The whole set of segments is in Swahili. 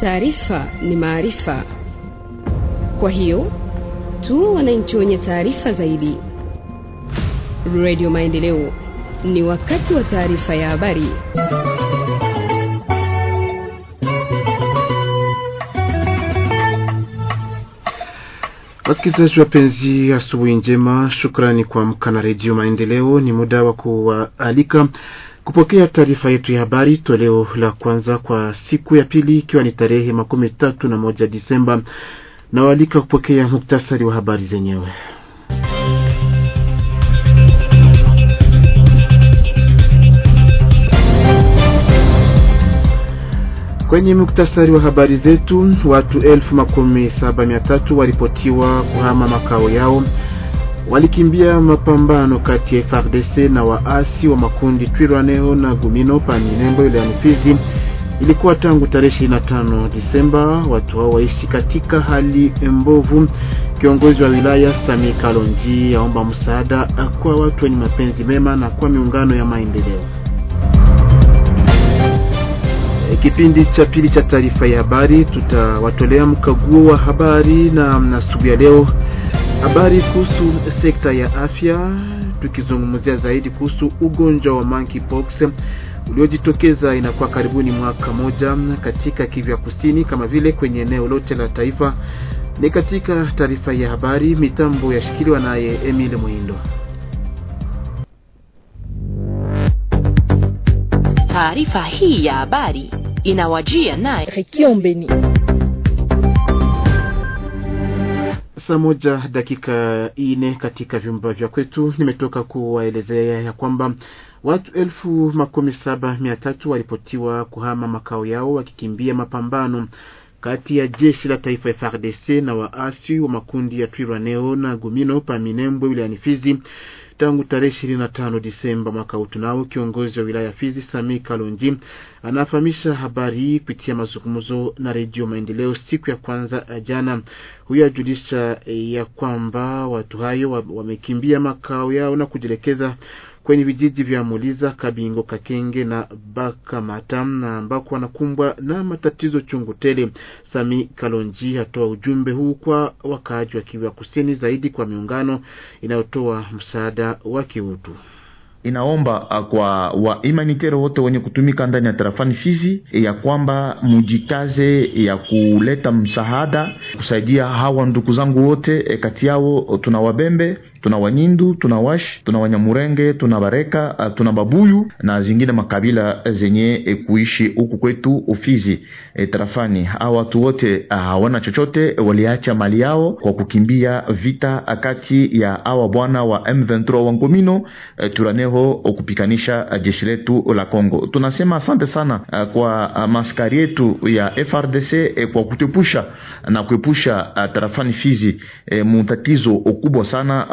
Taarifa ni maarifa, kwa hiyo tu wananchi wenye taarifa zaidi. Radio Maendeleo, ni wakati wa taarifa ya habari. Wasikilizaji wapenzi, asubuhi njema. Shukrani kwa mka na Redio Maendeleo. Ni muda wa kuwaalika kupokea taarifa yetu ya habari toleo la kwanza kwa siku ya pili, ikiwa ni tarehe makumi tatu na moja Disemba, na walika kupokea muktasari wa habari zenyewe. Kwenye muktasari wa habari zetu, watu elfu makumi saba mia tatu waripotiwa kuhama makao yao walikimbia mapambano kati ya FARDC na waasi wa makundi Twirwaneho na Gumino paminembo Minembo ile ya Mpizi. Ilikuwa tangu tarehe 25 Disemba. Watu hao waishi katika hali mbovu. Kiongozi wa wilaya Sami Kalonji yaomba msaada kwa watu wenye mapenzi mema na kwa miungano ya maendeleo. Kipindi cha pili cha taarifa ya habari tutawatolea mkaguo wa habari na asubuhi ya leo Habari kuhusu sekta ya afya, tukizungumzia zaidi kuhusu ugonjwa wa monkeypox uliojitokeza inakuwa karibuni mwaka moja katika kivya Kusini kama vile kwenye eneo lote la taifa. Ni katika taarifa ya habari, mitambo yashikiliwa naye emil Mwindo. Taarifa hii ya habari inawajia naye Rekiombeni. saa moja dakika ine katika vyumba vya kwetu. Nimetoka kuwaelezea ya kwamba watu elfu makumi saba mia tatu walipotiwa kuhama makao yao wakikimbia mapambano kati ya jeshi la taifa FARDC na waasi wa makundi ya Twirwaneho na Gumino pa Minembwe wilayani Fizi Tangu tarehe ishirini na tano Disemba mwaka utunao, kiongozi wa wilaya Fizi Sami Kalonji anafahamisha habari hii kupitia mazungumzo na Redio Maendeleo siku ya kwanza eh, jana. Huyo ajulisha eh, ya kwamba watu hayo wamekimbia makao yao na kujielekeza kwenye vijiji vya Muliza, Kabingo, Kakenge na Bakamata na ambako wanakumbwa na matatizo chungu tele. Sami Kalonji hatoa ujumbe huu kwa wakaaji wa Kivu Kusini, zaidi kwa miungano inayotoa msaada wa kiutu inaomba kwa waimaniteri wote wenye kutumika ndani ya tarafani Fizi ya kwamba mujikaze ya kuleta msaada kusaidia hawa ndugu zangu wote, eh, kati yao tuna Wabembe tuna Wanyindu, tuna Wash, tuna Wanyamurenge, tuna Bareka, ah, tuna Babuyu na zingine makabila zenye e, kuishi huku kwetu Ufizi e, tarafani. Hawa watu wote ah, hawana chochote, waliacha mali yao kwa kukimbia vita kati ya hawa bwana wa M23 wa Ngomino e, turaneho kupikanisha jeshi letu la Kongo. Tunasema asante sana ah, kwa maskari yetu ya FRDC e, kwa kutepusha na kuepusha tarafani Fizi e, mutatizo ukubwa sana.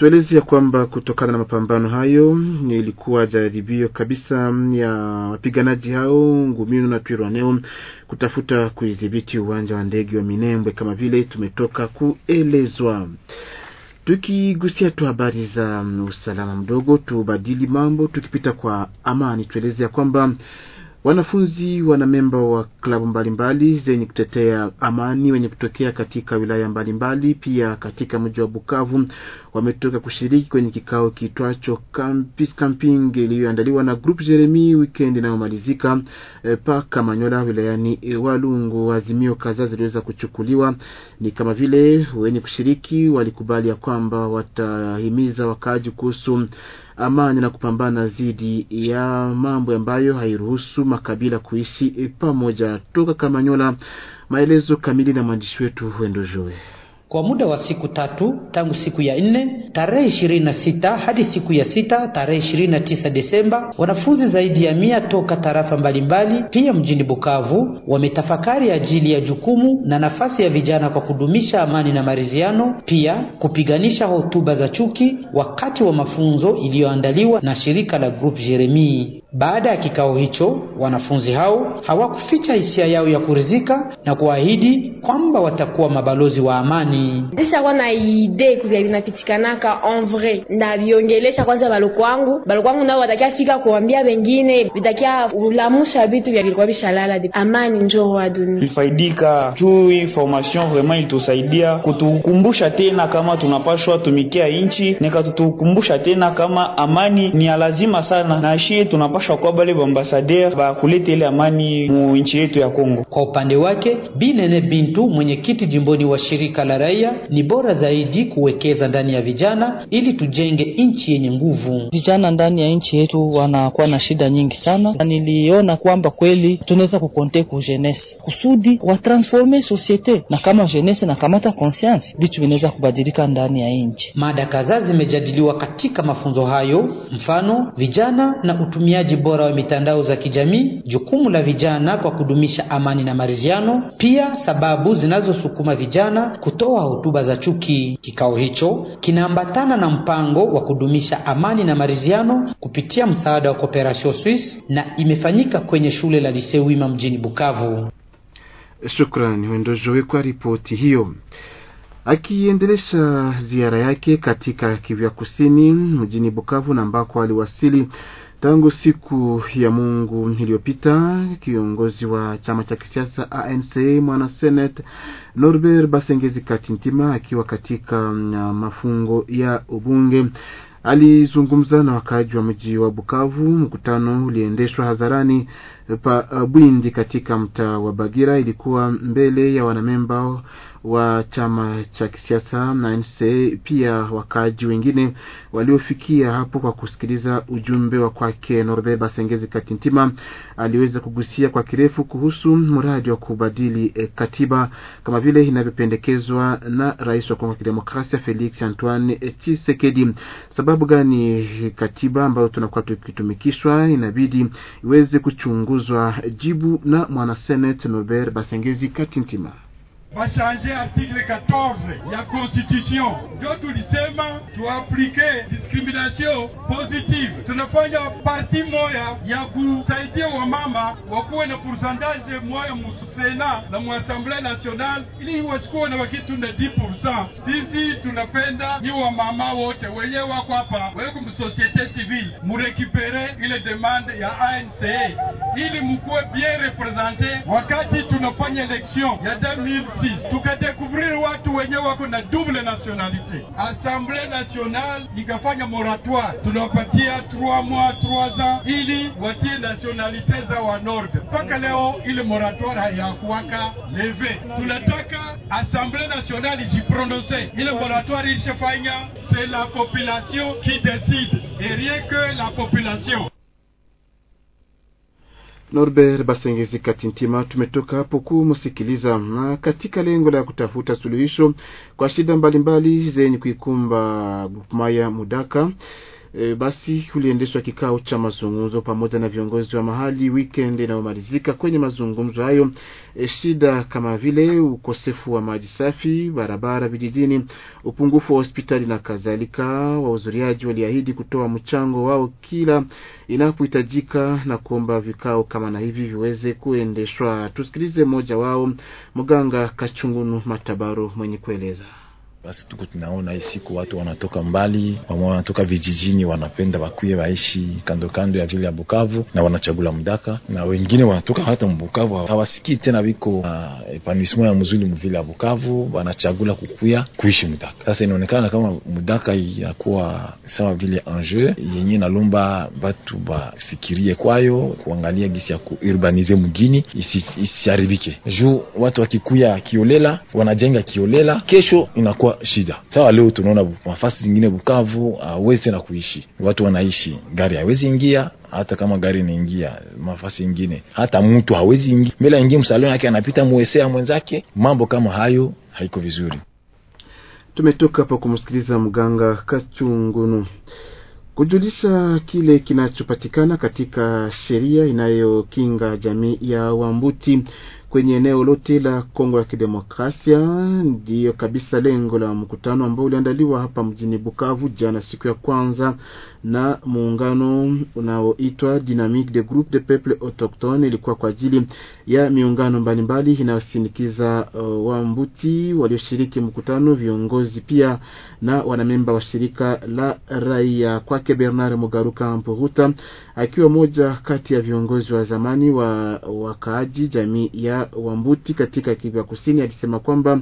Tueleze ya kwamba kutokana na mapambano hayo ilikuwa jaribio kabisa ya wapiganaji hao Ngumino na Twirwaneo kutafuta kuidhibiti uwanja wa ndege wa Minembwe kama vile tumetoka kuelezwa. Tukigusia tu habari za usalama mdogo, tubadili mambo, tukipita kwa amani, tueleze ya kwamba Wanafunzi wana memba wa klabu mbalimbali zenye kutetea amani wenye kutokea katika wilaya mbalimbali pia katika mji wa Bukavu wametoka kushiriki kwenye kikao kiitwacho Campus Camping iliyoandaliwa na Group Jeremy weekend inayomalizika e, eh, pa Kamanyola wilayani e, Walungu. Azimio kadhaa ziliweza kuchukuliwa, ni kama vile wenye kushiriki walikubali ya kwamba watahimiza wakaaji kuhusu amani na kupambana dhidi ya mambo ambayo hairuhusu makabila kuishi pamoja. Toka Kamanyola, maelezo kamili na mwandishi wetu Wendo Joe kwa muda wa siku tatu tangu siku ya nne tarehe ishirini na sita hadi siku ya sita tarehe ishirini na tisa Desemba, wanafunzi zaidi ya mia toka tarafa mbalimbali pia mjini Bukavu wametafakari ajili ya jukumu na nafasi ya vijana kwa kudumisha amani na maridhiano, pia kupiganisha hotuba za chuki wakati wa mafunzo iliyoandaliwa na shirika la grup Jeremie. Baada ya kikao hicho, wanafunzi hao hawakuficha hisia yao ya kuridhika na kuahidi kwamba watakuwa mabalozi wa amani. Desha na ide kuvya vinapitikanaka en vrai na viongelesha kwanza baloko wangu, baloko wangu nao watakia fika kuambia wengine, vitakia ulamusha vitu vya vilikuwa vishalala. Amani njo wa dunia ifaidika juu information vraiment ilitusaidia kutukumbusha tena kama tunapashwa tumikia inchi, nikatutukumbusha tena kama amani ni ya lazima sana na shie tunapashwa washakuwa bale baambasader kuleta ile amani mu nchi yetu ya Kongo. Kwa upande wake Binene Bintu, mwenyekiti jimboni wa shirika la raia, ni bora zaidi kuwekeza ndani ya vijana ili tujenge nchi yenye nguvu. Vijana ndani ya nchi yetu wanakuwa na shida nyingi sana, na niliona kwamba kweli tunaweza kukonte ku jeunesse kusudi watransforme societe, na kama jeunesse nakamata conscience, vitu vinaweza kubadilika ndani ya nchi. Mada kadhaa zimejadiliwa katika mafunzo hayo, mfano vijana na utumiaji utumiaji bora wa mitandao za kijamii, jukumu la vijana kwa kudumisha amani na maridhiano, pia sababu zinazosukuma vijana kutoa hotuba za chuki. Kikao hicho kinaambatana na mpango wa kudumisha amani na maridhiano kupitia msaada wa Cooperation Suisse na imefanyika kwenye shule la Lycée Wima mjini Bukavu. Shukrani Wendo kwa ripoti hiyo. Akiendelesha ziara yake katika Kivu ya Kusini mjini Bukavu na ambako aliwasili Tangu siku ya Mungu iliyopita kiongozi wa chama cha kisiasa ANC mwana senate Norbert Basengezi Katintima akiwa katika mm, mafungo ya ubunge alizungumza na wakaaji wa mji wa Bukavu. Mkutano uliendeshwa hadharani pa uh, Bwindi katika mtaa wa Bagira, ilikuwa mbele ya wanamemba wa chama cha kisiasa na pia wakaaji wengine waliofikia hapo kwa kusikiliza ujumbe wa kwake Norbert Basengezi Katintima. Aliweza kugusia kwa kirefu kuhusu mradi wa kubadili e, katiba kama vile inavyopendekezwa na rais wa Kongo ya Kidemokrasia Felix Antoine Tshisekedi. Sababu gani katiba ambayo tunakuwa tukitumikishwa inabidi iweze kuchunguzwa? Jibu na mwana senate Norbert Basengezi Katintima. va changer article 14 la constitution, tu tu la discrimination positive. Tunafanya parti moya ya kusaidia wamama kuwe na pourcentage moya musena na assemblée nationale, ili wasikuwe na wakitu na 10%. Sisi tunapenda ni mama wote wenye kwa hapa, wewe une société civile, murekipere ile demande ya ANC ili mukuwe bien représenté, wakati tunafanya élection ya 2000 sisi tukadekuvrir watu wenyewe wako na double nationalité. Assemblée nationale un moratoire, tunawapatia 3 mois 3 ans ili watie nationalite za nationalité Mpaka leo ile moratoire hayakuwaka leve. Tunataka Assemblée nationale prononcé ijiprononse, ile moratoire c'est la population qui décide et rien que la population Norbert Basengezi Katintima. Tumetoka hapo kumsikiliza na katika lengo la kutafuta suluhisho kwa shida mbalimbali zenye kuikumba Gupmaya Mudaka E, basi kuliendeshwa kikao cha mazungumzo pamoja na viongozi wa mahali weekend inayomalizika. Kwenye mazungumzo hayo e, shida kama vile ukosefu wa maji safi, barabara vijijini, upungufu wa hospitali na kadhalika. Wahudhuriaji waliahidi kutoa mchango wao kila inapohitajika na kuomba vikao kama na hivi viweze kuendeshwa. Tusikilize mmoja wao, mganga Kachungunu Matabaro mwenye kueleza basi tuko tunaona hii siku watu wanatoka mbali, wamoja wanatoka vijijini, wanapenda wakuye waishi kando kando ya vile ya Bukavu na wanachagula Mdaka, na wengine wanatoka hata Mbukavu, hawasikii tena wiko uh, epanismo ya mzuri mvile ya Bukavu, wanachagula kukuya kuishi Mdaka. Sasa inaonekana kama Mdaka inakuwa sawa vile enjeu yenye nalomba watu bafikirie kwayo, kuangalia gisi ya kuurbanize mgini isiharibike, juu watu wakikuya kiolela wanajenga kiolela, kesho inakuwa imekuwa shida. Sawa, leo tunaona nafasi zingine Bukavu hawezi na kuishi, watu wanaishi, gari hawezi ingia hata kama gari inaingia mafasi ingine, hata mtu hawezi ingia mbele aingie msaloni yake, anapita mwesea mwenzake. Mambo kama hayo haiko vizuri. Tumetoka hapo kumsikiliza mganga Kachungunu kujulisha kile kinachopatikana katika sheria inayokinga jamii ya Wambuti kwenye eneo lote la Kongo ya Kidemokrasia. Ndiyo kabisa lengo la mkutano ambao uliandaliwa hapa mjini Bukavu jana siku ya kwanza na muungano unaoitwa Dynamique de Groupe de Peuple Autochtone, ilikuwa kwa ajili ya miungano mbalimbali inayosindikiza uh, wambuti walioshiriki mkutano, viongozi pia na wanamemba wa shirika la raia. Kwake Bernard Mugaruka Mpuruta akiwa moja kati ya viongozi wa zamani wa wakaaji jamii ya Wambuti katika Kivu ya Kusini, alisema kwamba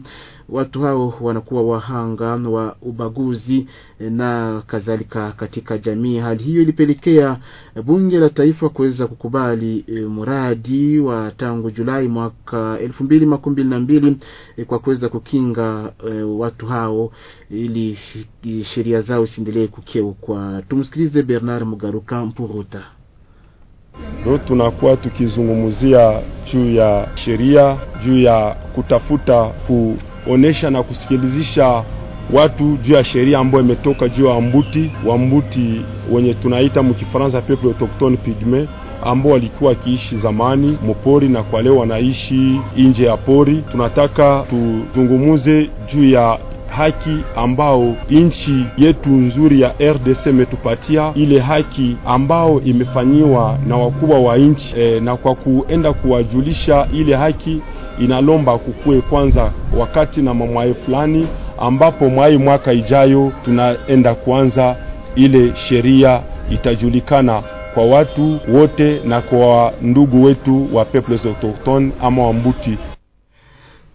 watu hao wanakuwa wahanga wa ubaguzi eh, na kadhalika katika jamii. Hali hiyo ilipelekea bunge la taifa kuweza kukubali eh, mradi wa tangu Julai mwaka elfu mbili makumi mbili na mbili eh, kwa kuweza kukinga watu hao ili sheria zao isiendelee kukeukwa. Tumsikilize Bernard Mugaruka Mpuruta. Ndio tunakuwa tukizungumzia juu ya sheria, juu ya kutafuta kuonesha na kusikilizisha watu juu ya sheria ambayo imetoka juu ya Wambuti, Wambuti wenye tunaita mkifaransa peuple autochtone pigme ambao walikuwa wakiishi zamani mupori na kwa leo wanaishi nje ya pori. Tunataka tuzungumuze juu ya haki ambao nchi yetu nzuri ya RDC imetupatia, ile haki ambao imefanyiwa na wakubwa wa nchi e, eh, na kwa kuenda kuwajulisha ile haki inalomba kukue kwanza wakati na mamwaye fulani, ambapo mwai mwaka ijayo tunaenda kuanza ile sheria itajulikana kwa watu wote na kwa ndugu wetu wa peuples autochtones ama Wambuti.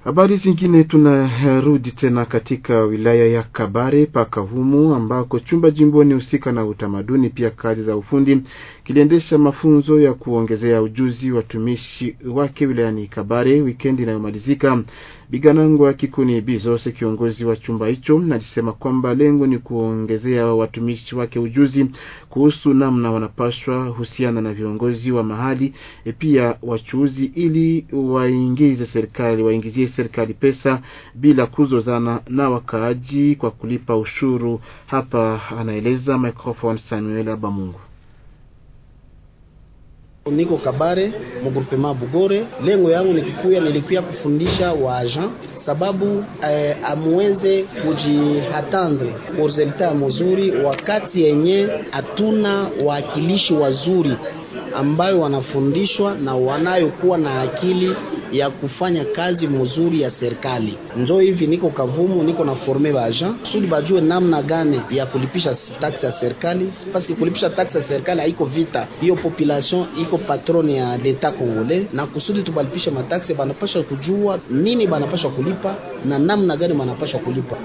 Habari zingine tunarudi tena katika wilaya ya Kabare paka humu ambako chumba jimboni husika na utamaduni pia kazi za ufundi kiliendesha mafunzo ya kuongezea ujuzi watumishi wake wilayani Kabare wikendi inayomalizika. Biganango ya Kikuni Bizose, kiongozi wa chumba hicho, alisema kwamba lengo ni kuongezea watumishi wake ujuzi kuhusu namna wanapaswa husiana na viongozi wa mahali e, pia wachuuzi, ili waingize serikali waingizie serikali pesa bila kuzozana na wakaaji kwa kulipa ushuru. Hapa anaeleza microphone Samuel Abamungu. Niko Kabare mu Bugore. Lengo yangu ni kukuya nilikuya kufundisha wa agent sababu eh, amuweze kujihatandre resultat mzuri, wakati yenye hatuna waakilishi wazuri ambayo wanafundishwa na wanayokuwa na akili ya kufanya kazi mzuri ya serikali. Njo hivi niko Kavumu, niko na forme bajan kusudi bajue namna gani ya kulipisha taksi ya serikali, paske kulipisha taksi ya serikali haiko vita, hiyo population iko patrone ya deta Kongole, na kusudi tubalipishe mataksi banapasha kujua nini banapasha kulipa kulipa na namna gani wanapaswa kulipa.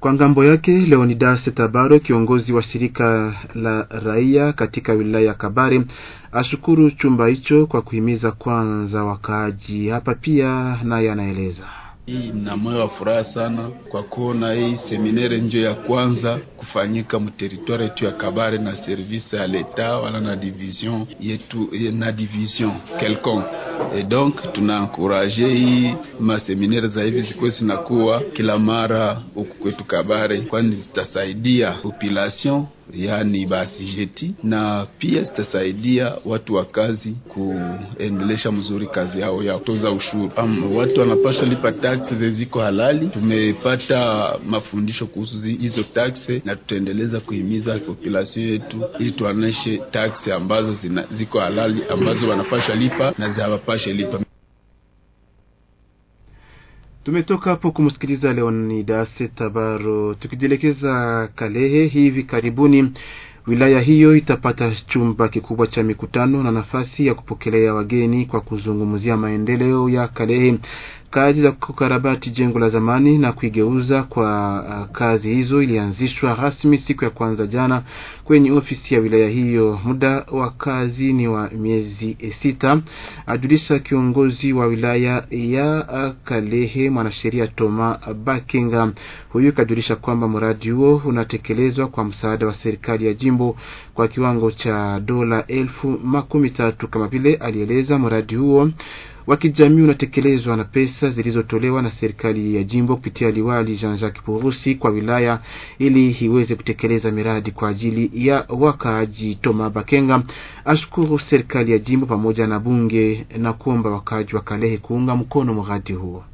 Kwa ngambo yake Leonidas Tabaro, kiongozi wa shirika la raia katika wilaya ya Kabare, ashukuru chumba hicho kwa kuhimiza kwanza wakaaji hapa, pia naye anaeleza hii na moyo wa furaha sana kwa kuona hii seminere njo ya kwanza kufanyika mteritwari yetu ya Kabare na service ya leta wala na division yetu na division quelconque et donc tunankuraje hii maseminere za hivi zikuwe zinakuwa kila mara huku kwetu Kabare, kwani zitasaidia population yaani basijeti na pia zitasaidia watu wa kazi kuendelesha mzuri kazi yao ya kutoza ushuru. Um, watu wanapasha lipa taksi ziko halali. Tumepata mafundisho kuhusu hizo taksi na tutaendeleza kuhimiza population yetu ili tuanishe taksi ambazo zina, ziko halali ambazo wanapasha lipa na zawapashe lipa. Tumetoka hapo kumsikiliza Leonidas Tabaro. Tukijielekeza Kalehe, hivi karibuni wilaya hiyo itapata chumba kikubwa cha mikutano na nafasi ya kupokelea wageni kwa kuzungumzia maendeleo ya Kalehe. Kazi za kukarabati jengo la zamani na kuigeuza kwa uh, kazi hizo ilianzishwa rasmi siku ya kwanza jana kwenye ofisi ya wilaya hiyo. Muda wa kazi ni wa miezi sita, ajulisha kiongozi wa wilaya ya uh, Kalehe, mwanasheria Toma Bakinga. Huyu kajulisha kwamba mradi huo unatekelezwa kwa msaada wa serikali ya jimbo kwa kiwango cha dola elfu makumi tatu kama vile alieleza mradi huo wa kijamii unatekelezwa na pesa zilizotolewa na serikali ya jimbo kupitia liwali Jean-Jacques Purusi kwa wilaya ili iweze kutekeleza miradi kwa ajili ya wakaaji. Toma Bakenga ashukuru serikali ya jimbo pamoja na bunge na kuomba wakaaji wa Kalehe kuunga mkono mradi huo.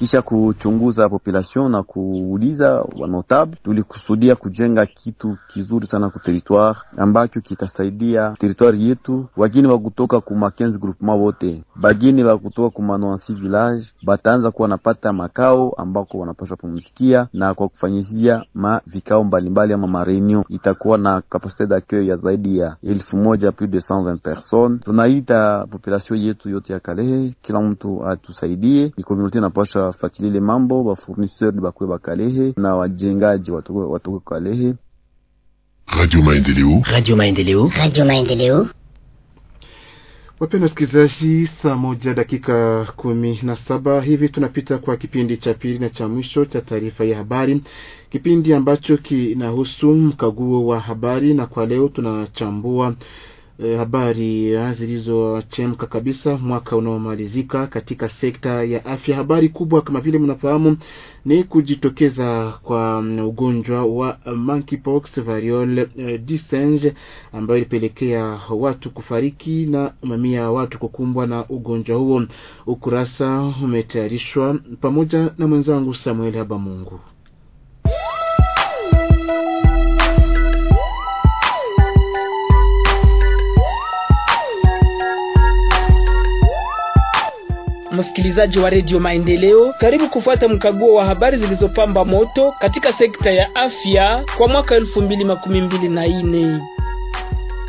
Kisha kuchunguza population na kuuliza wanotable, tulikusudia kujenga kitu kizuri sana ku territoire ambacho kitasaidia territoire yetu, wageni wa kutoka ku 15 groupement wote, bageni wa kutoka ku manoansi village bataanza kuwa wanapata makao ambako wanapaswa pumzikia, na kwa kufanyizia ma vikao mbalimbali ama ma itakuwa na capacite d'accueil ya zaidi ya elfu moja plus de 120 personnes. Tunaita population yetu yote ya Kalehe, kila mtu atusaidie, ni community inapaswa bafatilile mambo bafurnisseur bakwe bakalehe na wajengaji watoke Kalehe. Radio Maendeleo, Radio Maendeleo, Radio Maendeleo. Wapenda wasikilizaji, saa moja dakika kumi na saba hivi tunapita kwa kipindi cha pili na cha mwisho cha taarifa ya habari, kipindi ambacho kinahusu mkaguo wa habari, na kwa leo tunachambua E, habari zilizochemka kabisa mwaka unaomalizika katika sekta ya afya. Habari kubwa kama vile mnafahamu ni kujitokeza kwa mm, ugonjwa wa monkeypox variole e, disenge ambayo ilipelekea watu kufariki na mamia ya watu kukumbwa na ugonjwa huo. Ukurasa umetayarishwa pamoja na mwenzangu Samuel Habamungu. msikilizaji wa redio Maendeleo, karibu kufuata mkaguo wa habari zilizopamba moto katika sekta ya afya kwa mwaka elfu mbili makumi mbili na nne.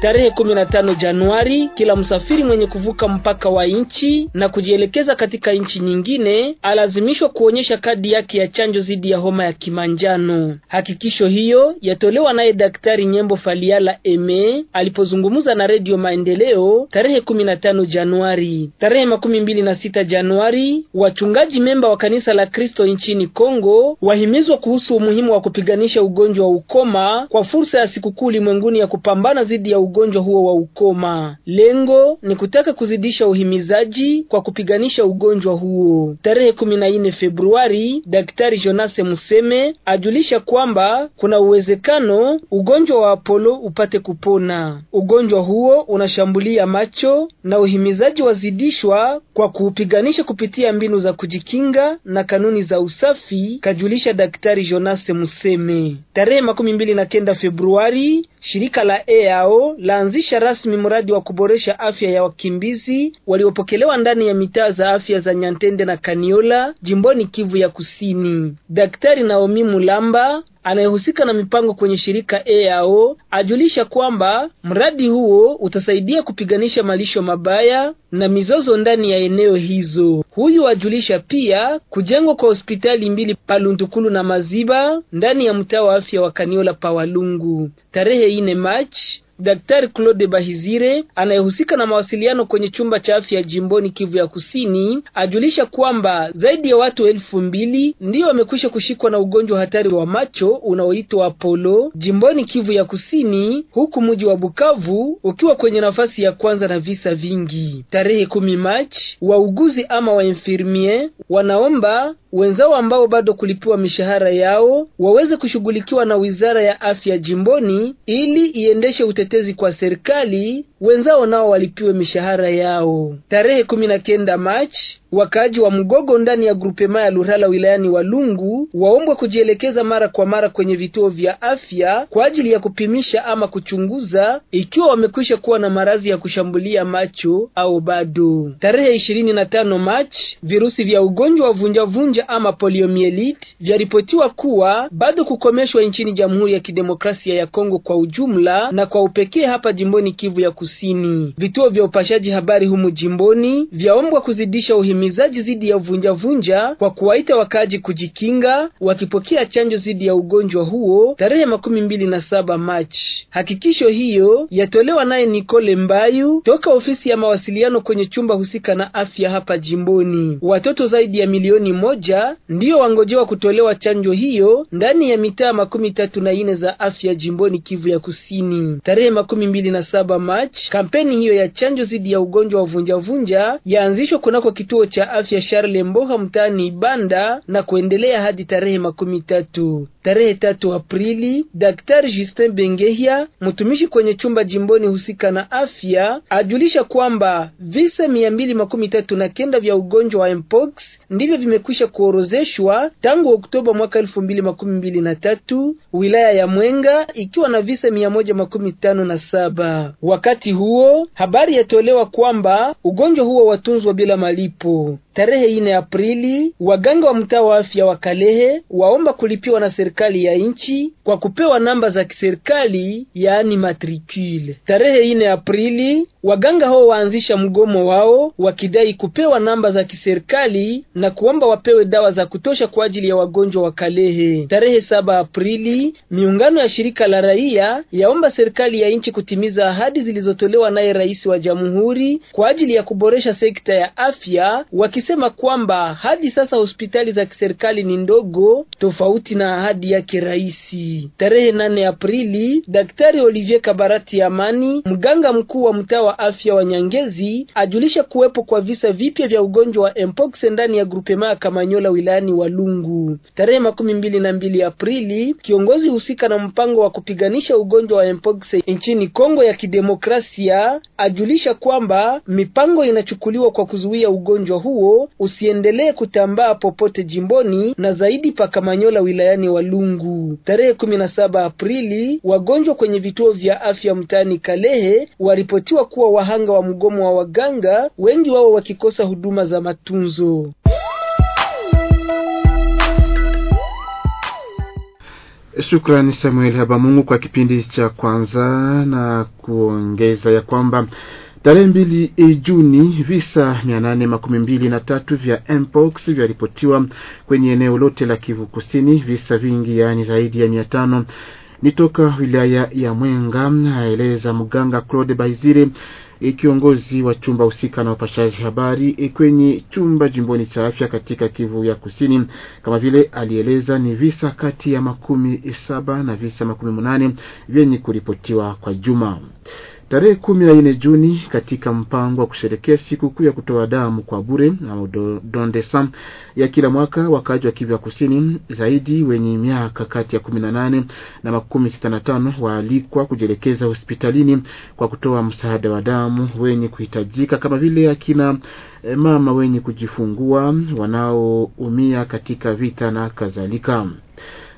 Tarehe 15 Januari, kila msafiri mwenye kuvuka mpaka wa nchi na kujielekeza katika nchi nyingine alazimishwa kuonyesha kadi yake ya chanjo dhidi ya homa ya kimanjano. Hakikisho hiyo yatolewa naye Daktari Nyembo Faliala Eme alipozungumza na Redio Maendeleo tarehe 15 Januari. Tarehe na sita Januari, wachungaji memba wa kanisa la Kristo nchini Kongo wahimizwa kuhusu umuhimu wa kupiganisha ugonjwa wa ukoma kwa fursa ya sikukuu ulimwenguni ya kupambana dhidi ya ugonjwa huo wa ukoma. Lengo ni kutaka kuzidisha uhimizaji kwa kupiganisha ugonjwa huo. Tarehe 14 Februari, Daktari Jonas Museme ajulisha kwamba kuna uwezekano ugonjwa wa Apollo upate kupona. Ugonjwa huo unashambulia macho na uhimizaji wazidishwa kwa kuupiganisha kupitia mbinu za kujikinga na kanuni za usafi, kajulisha Daktari Jonas Museme. Tarehe makumi mbili na kenda Februari Shirika la EAO laanzisha rasmi mradi wa kuboresha afya ya wakimbizi waliopokelewa ndani ya mitaa za afya za Nyantende na Kaniola jimboni Kivu ya Kusini. Daktari Naomi Mulamba anayehusika na mipango kwenye shirika AAO ajulisha kwamba mradi huo utasaidia kupiganisha malisho mabaya na mizozo ndani ya eneo hizo. Huyu ajulisha pia kujengwa kwa hospitali mbili Paluntukulu na Maziba ndani ya mtaa wa afya wa Kaniola Pawalungu tarehe ine Machi Daktari Claude Bahizire anayehusika na mawasiliano kwenye chumba cha afya jimboni Kivu ya Kusini ajulisha kwamba zaidi ya watu elfu mbili ndio wamekwisha kushikwa na ugonjwa hatari wa macho unaoitwa Apollo jimboni Kivu ya Kusini, huku mji wa Bukavu ukiwa kwenye nafasi ya kwanza na visa vingi. Tarehe kumi Machi, wauguzi ama wainfirmie wanaomba wenzao ambao bado kulipiwa mishahara yao waweze kushughulikiwa na wizara ya afya jimboni ili iendeshe utetezi kwa serikali, wenzao nao walipiwe mishahara yao. Tarehe kumi na kenda Machi Wakaaji wa Mgogo ndani ya grupema ya Lurala wilayani Walungu waombwa kujielekeza mara kwa mara kwenye vituo vya afya kwa ajili ya kupimisha ama kuchunguza ikiwa wamekwisha kuwa na maradhi ya kushambulia macho au bado. Tarehe 25 na Machi, virusi vya ugonjwa wa vunjavunja ama poliomielit vyaripotiwa kuwa bado kukomeshwa nchini Jamhuri ya Kidemokrasia ya Kongo kwa ujumla na kwa upekee hapa jimboni Kivu ya Kusini. Vituo vya upashaji habari humu jimboni vyaombwa kuzidisha uhimi uhimizaji dhidi ya uvunjavunja kwa kuwaita wakaaji kujikinga wakipokea chanjo dhidi ya ugonjwa huo tarehe makumi mbili na saba Machi. Hakikisho hiyo yatolewa naye Nicole Mbayu toka ofisi ya mawasiliano kwenye chumba husika na afya hapa jimboni. Watoto zaidi ya milioni moja ndiyo wangojewa kutolewa chanjo hiyo ndani ya mitaa makumi tatu na ine za afya jimboni Kivu ya Kusini. Tarehe makumi mbili na saba Machi, kampeni hiyo ya chanjo dhidi ya ugonjwa wa vunjavunja yaanzishwa kunako kituo cha afya Charles Mboha mtaani Ibanda na kuendelea hadi tarehe makumi tatu. Tarehe tatu Aprili, Daktari Justin Bengehia, mtumishi kwenye chumba jimboni husika na afya, ajulisha kwamba visa mia mbili makumi tatu na kenda vya ugonjwa wa mpox ndivyo vimekwisha kuorozeshwa tangu Oktoba mwaka elfu mbili makumi mbili na tatu wilaya ya Mwenga ikiwa na visa mia moja makumi tano na saba. Wakati huo habari yatolewa kwamba ugonjwa huo watunzwa bila malipo. Tarehe ine Aprili, waganga wa mtaa wa afya wa Kalehe waomba kulipiwa na serikali ya nchi kwa kupewa namba za kiserikali, yaani matricule. Tarehe ine Aprili, waganga hao waanzisha mgomo wao wakidai kupewa namba za kiserikali na kuomba wapewe dawa za kutosha kwa ajili ya wagonjwa wa Kalehe. Tarehe saba Aprili, miungano ya shirika la raia yaomba serikali ya nchi kutimiza ahadi zilizotolewa naye rais wa jamhuri kwa ajili ya kuboresha sekta ya afya waki akisema kwamba hadi sasa hospitali za kiserikali ni ndogo tofauti na ahadi yake rais. Tarehe nane Aprili, Daktari Olivier Kabarati Amani, mganga mkuu wa mtaa wa afya wa Nyangezi, ajulisha kuwepo kwa visa vipya vya ugonjwa wa mpox ndani ya grupema ya Kamanyola wilayani Walungu. Tarehe makumi mbili na mbili Aprili, kiongozi husika na mpango wa kupiganisha ugonjwa wa mpox nchini Kongo ya Kidemokrasia ajulisha kwamba mipango inachukuliwa kwa kuzuia ugonjwa huo usiendelee kutambaa popote jimboni na zaidi pa Kamanyola wilayani Walungu. Tarehe 17 Aprili, wagonjwa kwenye vituo vya afya mtaani Kalehe waripotiwa kuwa wahanga wa mgomo wa waganga, wengi wao wakikosa huduma za matunzo. Shukrani Samuel Habamungu kwa kipindi cha kwanza na kuongeza ya kwamba Tarehe mbili Juni visa mia nane makumi mbili na tatu vya mpox vyaripotiwa kwenye eneo lote la Kivu Kusini. Visa vingi yaani zaidi ya mia tano ni toka wilaya ya Mwenga, aeleza mganga Claude Baizire, kiongozi wa chumba husika na upashaji habari kwenye chumba jimboni cha afya katika Kivu ya Kusini. Kama vile alieleza, ni visa kati ya makumi saba na visa makumi munane vyenye kuripotiwa kwa juma. Tarehe kumi na nne Juni katika mpango wa kusherekea sikukuu ya kutoa damu kwa bure na dondesa ya kila mwaka, wakaaji wa Kivu Kusini zaidi wenye miaka kati ya kumi na nane na makumi sita na tano waalikwa kujielekeza hospitalini kwa kutoa msaada wa damu wenye kuhitajika kama vile akina eh, mama wenye kujifungua, wanaoumia katika vita na kadhalika.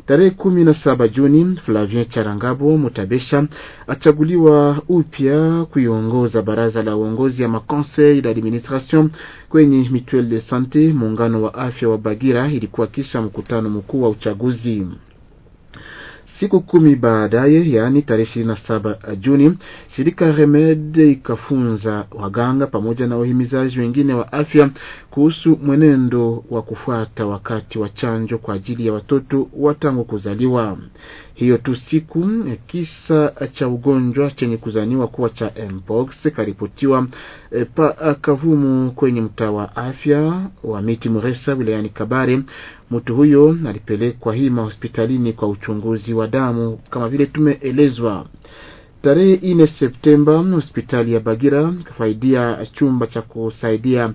Tarehe kumi na saba Juni, Flavien Charangabo Mutabesha achaguliwa upya kuiongoza baraza la uongozi ya maconseil d'administration kwenye mituel de Sante, muungano wa afya wa Bagira. Ilikuwa kisha mkutano mkuu wa uchaguzi. Siku kumi baadaye, yaani tarehe ishirini na saba eh, Juni, shirika Remed ikafunza waganga pamoja na wahimizaji wengine wa afya kuhusu mwenendo wa kufuata wakati wa chanjo kwa ajili ya watoto wa tangu kuzaliwa hiyo tu siku eh, kisa eh, cha ugonjwa chenye kuzaniwa kuwa cha mpox karipotiwa e, pa Kavumu kwenye mtaa wa afya wa Miti Mresa wilayani Kabare. Mtu huyo alipelekwa hima hospitalini kwa uchunguzi wa damu kama vile tumeelezwa. Tarehe ine Septemba hospitali ya Bagira kafaidia chumba cha kusaidia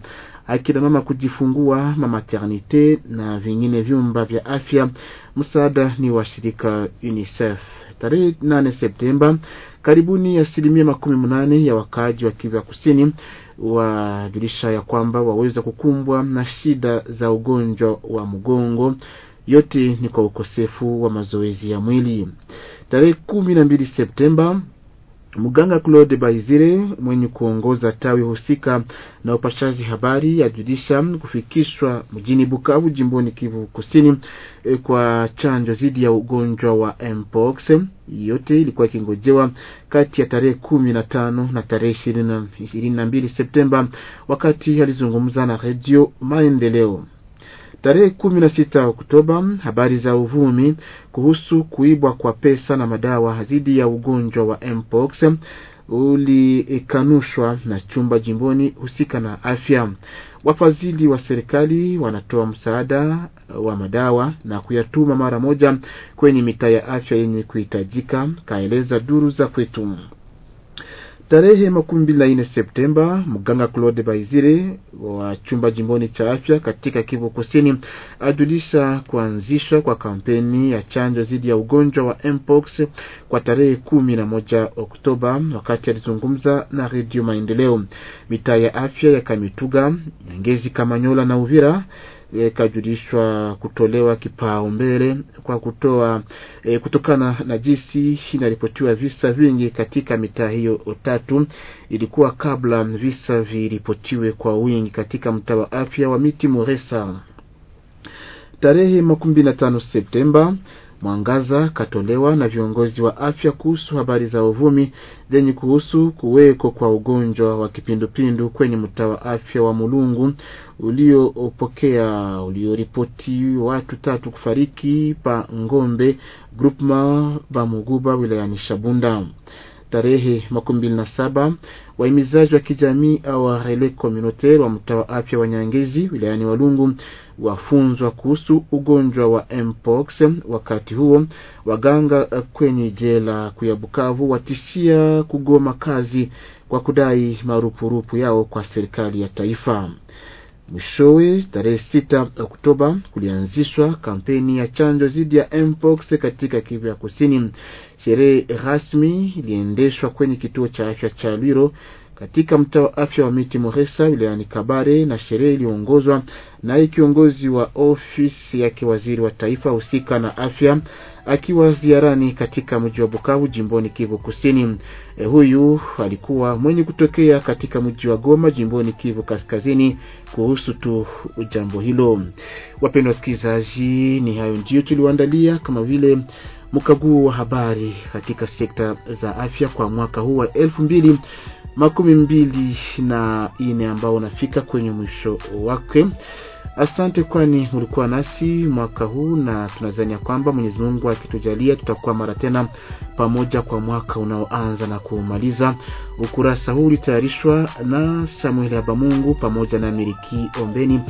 akina mama kujifungua, mamaternite na vingine vyumba vya afya. Msaada ni wa shirika UNICEF. Tarehe 8 Septemba, karibuni asilimia makumi munane ya wakaaji wa Kivu Kusini wajulisha ya kwamba waweza kukumbwa na shida za ugonjwa wa mgongo. Yote ni kwa ukosefu wa mazoezi ya mwili. Tarehe kumi na mbili Septemba Mganga Claude Baizire mwenye kuongoza tawi husika na upashaji habari yajulisha kufikishwa mjini Bukavu jimboni Kivu Kusini e, kwa chanjo dhidi ya ugonjwa wa mpox. Yote ilikuwa ikingojewa kati ya tarehe kumi na tano na tarehe ishirini na mbili Septemba, wakati alizungumza na redio Maendeleo. Tarehe kumi na sita Oktoba, habari za uvumi kuhusu kuibwa kwa pesa na madawa dhidi ya ugonjwa wa mpox ulikanushwa na chumba jimboni husika na afya. Wafadhili wa serikali wanatoa msaada wa madawa na kuyatuma mara moja kwenye mitaa ya afya yenye kuhitajika, kaeleza duru za kwetu. Tarehe makumi mbili na nne Septemba, mganga Claude Baizire wa chumba jimboni cha afya katika Kivu Kusini ajulisha kuanzishwa kwa kampeni ya chanjo dhidi ya ugonjwa wa mpox kwa tarehe kumi na moja Oktoba. Wakati alizungumza na Redio Maendeleo, mitaa ya afya ya Kamituga, Nyangezi, Kamanyola na Uvira Eh, ikajulishwa kutolewa kipaumbele kwa kutoa e, kutokana na jinsi inaripotiwa visa vingi katika mitaa hiyo tatu. Ilikuwa kabla visa viripotiwe kwa wingi katika mtaa wa afya wa Miti Moresa tarehe makumi na tano Septemba Mwangaza katolewa na viongozi wa afya kuhusu habari za uvumi zenye kuhusu kuweko kwa ugonjwa wa kipindupindu kwenye mtaa wa afya wa Mulungu uliopokea ulioripoti watu tatu kufariki pa Ngombe Groupement Bamuguba wilayani Shabunda tarehe makumi mbili na saba waimizaji wa kijamii au relais communautaire wa mtaa wa afya wa Nyangezi wilayani Walungu wafunzwa kuhusu ugonjwa wa mpox. Wakati huo waganga kwenye jela kuya Bukavu watishia kugoma kazi kwa kudai marupurupu yao kwa serikali ya taifa. Mwishowe, tarehe sita Oktoba kulianzishwa kampeni ya chanjo dhidi ya mpox katika Kivu ya Kusini. Sherehe rasmi iliendeshwa kwenye kituo cha afya cha Lwiro katika mtaa wa afya wa Miti Moresa wilayani Kabare, na sherehe iliongozwa naye kiongozi wa ofisi yake waziri wa taifa husika na afya akiwa ziarani katika mji wa Bukavu jimboni Kivu Kusini. E, huyu alikuwa mwenye kutokea katika mji wa Goma jimboni Kivu Kaskazini kuhusu tu jambo hilo. Wapendwa wasikilizaji, ni hayo ndio tuliwaandalia kama vile mkaguo wa habari katika sekta za afya kwa mwaka huu wa elfu mbili makumi mbili na nne ambao unafika kwenye mwisho wake. Asante kwani ulikuwa nasi mwaka huu, na tunazania kwamba Mwenyezi Mungu akitujalia tutakuwa mara tena pamoja kwa mwaka unaoanza na kuumaliza. Ukurasa huu ulitayarishwa na Samuel Abamungu pamoja na Miriki Ombeni,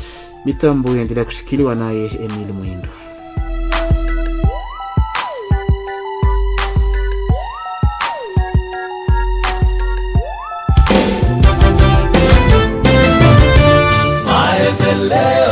mitambo yaendelea kushikiliwa naye Emil Mwindo. Leo